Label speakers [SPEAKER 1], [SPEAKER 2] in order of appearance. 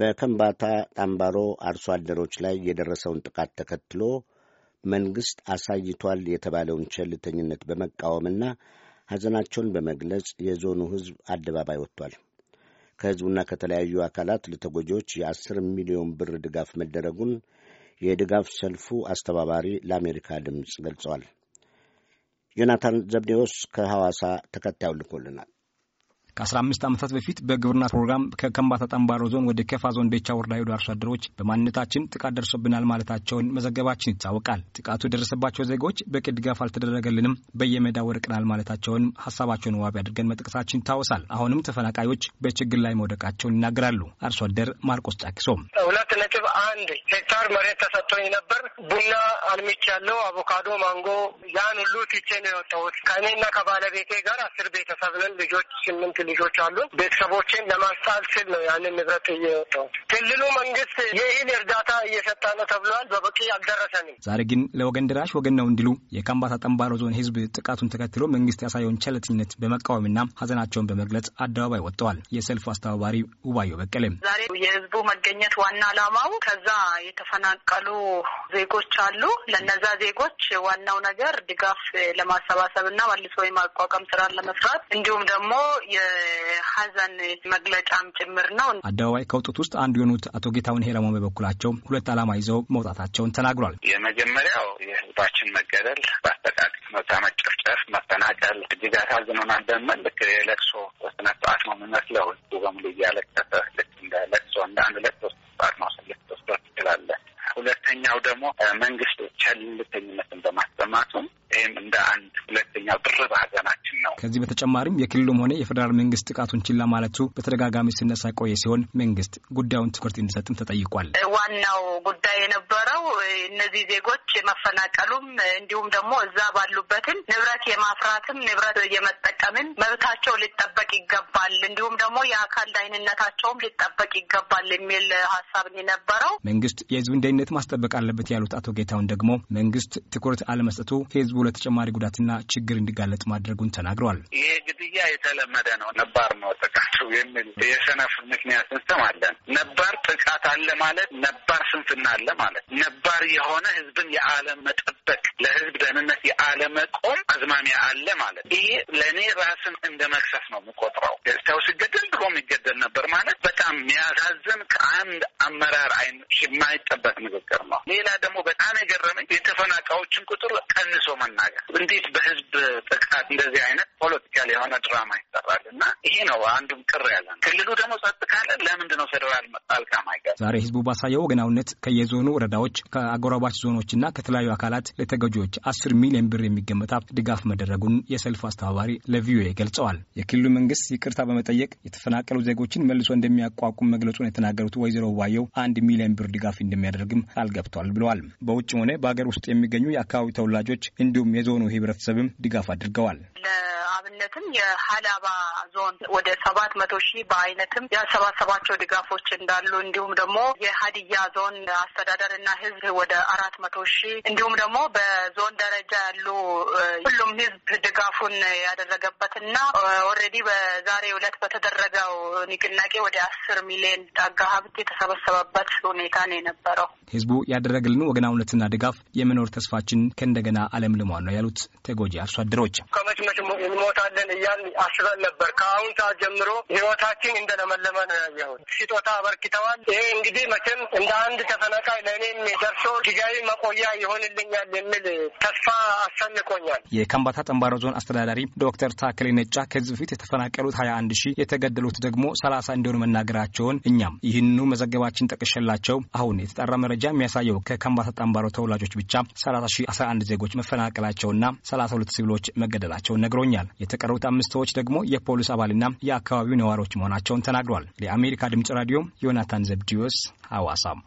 [SPEAKER 1] በከምባታ ጣምባሮ አርሶ አደሮች ላይ የደረሰውን ጥቃት ተከትሎ መንግሥት አሳይቷል የተባለውን ቸልተኝነት በመቃወምና ሐዘናቸውን በመግለጽ የዞኑ ሕዝብ አደባባይ ወጥቷል። ከሕዝቡና ከተለያዩ አካላት ለተጎጂዎች የአስር ሚሊዮን ብር ድጋፍ መደረጉን የድጋፍ ሰልፉ አስተባባሪ ለአሜሪካ ድምፅ ገልጸዋል። ዮናታን ዘብዴዎስ ከሐዋሳ ተከታዩ ልኮልናል። ከ15 ዓመታት በፊት በግብርና ፕሮግራም ከከምባታ ጠምባሮ ዞን ወደ ከፋ ዞን ቤቻ ወረዳ ሄዱ አርሶ አደሮች በማንነታችን ጥቃት ደርሶብናል ማለታቸውን መዘገባችን ይታወቃል። ጥቃቱ የደረሰባቸው ዜጎች በቂ ድጋፍ አልተደረገልንም፣ በየሜዳ ወርቅናል ማለታቸውን ሀሳባቸውን ዋቢ አድርገን መጥቀሳችን ይታወሳል። አሁንም ተፈናቃዮች በችግር ላይ መውደቃቸውን ይናገራሉ። አርሶ አደር ማርቆስ ጫኪሶም ሁለት ነጥብ አንድ ሄክታር መሬት ተሰጥቶኝ ነበር። ቡና አልምቻለሁ፣ አቮካዶ፣ ማንጎ ያን ሁሉ ትቼ ነው የወጣሁት። ከእኔና ከባለቤቴ ጋር አስር ቤተሰብ ነን። ልጆች ስምንት ልጆች አሉ። ቤተሰቦችን ለማስታል ስል ነው ያንን ንብረት እየወጣው። ክልሉ መንግስት የእህል እርዳታ እየሰጠ ነው ተብሏል። በበቂ አልደረሰንም። ዛሬ ግን ለወገን ደራሽ ወገን ነው እንዲሉ የካምባታ ጠንባሮ ዞን ህዝብ ጥቃቱን ተከትሎ መንግስት ያሳየውን ቸለተኝነት በመቃወምና ሀዘናቸውን በመግለጽ አደባባይ ወጥተዋል። የሰልፉ አስተባባሪ ውባዮ በቀለም
[SPEAKER 2] ዛሬ
[SPEAKER 3] የህዝቡ መገኘት ዋና አላማው ከዛ የተፈናቀሉ ዜጎች አሉ። ለነዛ ዜጎች ዋናው ነገር ድጋፍ ለማሰባሰብ እና መልሶ የማቋቋም
[SPEAKER 1] ስራን ለመስራት እንዲሁም ደግሞ ሀዘን መግለጫም ጭምር ነው። አደባባይ ከወጡት ውስጥ አንዱ የሆኑት አቶ ጌታሁን ሄረሞ በበኩላቸው ሁለት ዓላማ ይዘው መውጣታቸውን ተናግሯል።
[SPEAKER 2] የመጀመሪያው የህዝባችን መገደል በአስተቃቂ መታ መጨፍጨፍ፣ መፈናቀል እጅግ አሳዝኖናል በሚል ልክ የለቅሶ ስነ ስርዓት ነው የሚመስለው ህዝቡ በሙሉ እያለቀሰ ልክ እንደ ለቅሶ እንደ አንድ ለቅሶ ስርዓት ነው ስልክ ወስዶ ትችላለ። ሁለተኛው ደግሞ መንግስት ቸልተኝነትን በማሰማቱም ይህም እንደ አንድ ሁለተኛው ድርብ
[SPEAKER 1] ከዚህ በተጨማሪም የክልሉም ሆነ የፌዴራል መንግስት ጥቃቱን ችላ ማለቱ በተደጋጋሚ ሲነሳ ቆየ ሲሆን መንግስት ጉዳዩን ትኩረት እንዲሰጥም ተጠይቋል።
[SPEAKER 3] ዋናው ጉዳይ የነበረው እነዚህ ዜጎች የመፈናቀሉም እንዲሁም ደግሞ እዛ ባሉበትም ንብረት የማፍራትም ንብረት የመጠቀምን መብታቸው ሊጠበቅ ይገባል፣ እንዲሁም ደግሞ የአካል ዳይንነታቸውም ሊጠበቅ ይገባል የሚል ሀሳብ የነበረው
[SPEAKER 1] መንግስት የህዝብን ደህንነት ማስጠበቅ አለበት ያሉት አቶ ጌታውን ደግሞ መንግስት ትኩረት አለመስጠቱ ከህዝቡ ለተጨማሪ ጉዳትና ችግር እንዲጋለጥ ማድረጉን ተናግረዋል። ተናግሯል። ይሄ ግድያ የተለመደ
[SPEAKER 2] ነው፣ ነባር ነው ጥቃቱ የሚል የሰነፍ ምክንያት አለን። ነባር ጥቃት አለ ማለት ነባር ስንፍና አለ ማለት ነባር የሆነ ህዝብን መጠበቅ ለህዝብ ደህንነት የአለመቆም አዝማሚያ አለ ማለት ይሄ ለእኔ ራስን እንደ መክሰስ ነው የምቆጥረው። ሰው ሲገደል ድሮም ይገደል ነበር ማለት የሚያሳዝን ከአንድ አመራር አይን የማይጠበቅ ንግግር ነው። ሌላ ደግሞ በጣም የገረመኝ የተፈናቃዮችን ቁጥር ቀንሶ መናገር። እንዴት በህዝብ ጥቃት እንደዚህ አይነት ፖለቲካል የሆነ ድራማ ይሰራል? እና ይሄ ነው አንዱም ቅር ያለ ክልሉ ደግሞ ጸጥ ካለ ለምንድን ነው ፌዴራል ጣልቃ
[SPEAKER 1] ዛሬ ህዝቡ ባሳየው ወገናውነት ከየዞኑ ወረዳዎች፣ ከአጎራባች ዞኖችና ከተለያዩ አካላት ለተጎጂዎች አስር ሚሊዮን ብር የሚገመት ድጋፍ መደረጉን የሰልፉ አስተባባሪ ለቪኦኤ ገልጸዋል። የክልሉ መንግስት ይቅርታ በመጠየቅ የተፈናቀሉ ዜጎችን መልሶ እንደሚያቋቁም መግለጹን የተናገሩት ወይዘሮ ዋየው አንድ ሚሊዮን ብር ድጋፍ እንደሚያደርግም ቃል ገብቷል ብለዋል። በውጭም ሆነ በሀገር ውስጥ የሚገኙ የአካባቢ ተወላጆች እንዲሁም የዞኑ ህብረተሰብም ድጋፍ አድርገዋል።
[SPEAKER 3] አብነትም የሀላባ ዞን ወደ ሰባት መቶ ሺህ በአይነትም ያሰባሰባቸው ድጋፎች እንዳሉ እንዲሁም ደግሞ የሀዲያ ዞን አስተዳደር እና ህዝብ ወደ አራት መቶ ሺህ እንዲሁም ደግሞ በዞን ደረጃ ያሉ ሁሉም ህዝብ ድጋፉን ያደረገበትና ኦልሬዲ በዛሬ ዕለት በተደረገው ንቅናቄ ወደ አስር ሚሊዮን ጣጋ ሀብት የተሰበሰበበት ሁኔታ ነው የነበረው።
[SPEAKER 1] ህዝቡ ያደረግልን ወገናውነትና ድጋፍ የመኖር ተስፋችን ከእንደገና አለም ልሟን ነው ያሉት ተጎጂ አርሶ አደሮች
[SPEAKER 3] እንሞታለን እያል አስበን ነበር። ከአሁን ሰዓት ጀምሮ ህይወታችን
[SPEAKER 1] እንደለመለመ ነው ያየሁት። ስጦታ አበርክተዋል።
[SPEAKER 3] ይሄ እንግዲህ መቼም እንደ አንድ ተፈናቃይ ለእኔም ደርሶ ጊዜያዊ መቆያ ይሆንልኛል የሚል ተስፋ
[SPEAKER 1] አሰንቆኛል። የከምባታ ጠንባሮ ዞን አስተዳዳሪ ዶክተር ታክሌ ነጫ ከዚህ በፊት የተፈናቀሉት ሀያ አንድ ሺህ የተገደሉት ደግሞ ሰላሳ እንዲሆኑ መናገራቸውን እኛም ይህንኑ መዘገባችን ጠቅሸላቸው አሁን የተጣራ መረጃ የሚያሳየው ከከምባታ ጠንባሮ ተወላጆች ብቻ ሰላሳ ሺህ አስራ አንድ ዜጎች መፈናቀላቸውና ሰላሳ ሁለት ሲቪሎች መገደላቸውን ነግሮኛል። የተቀሩት አምስት ሰዎች ደግሞ የፖሊስ አባልና የአካባቢው ነዋሪዎች መሆናቸውን ተናግሯል። ለአሜሪካ ድምጽ ራዲዮ ዮናታን ዘብዲዮስ ሐዋሳም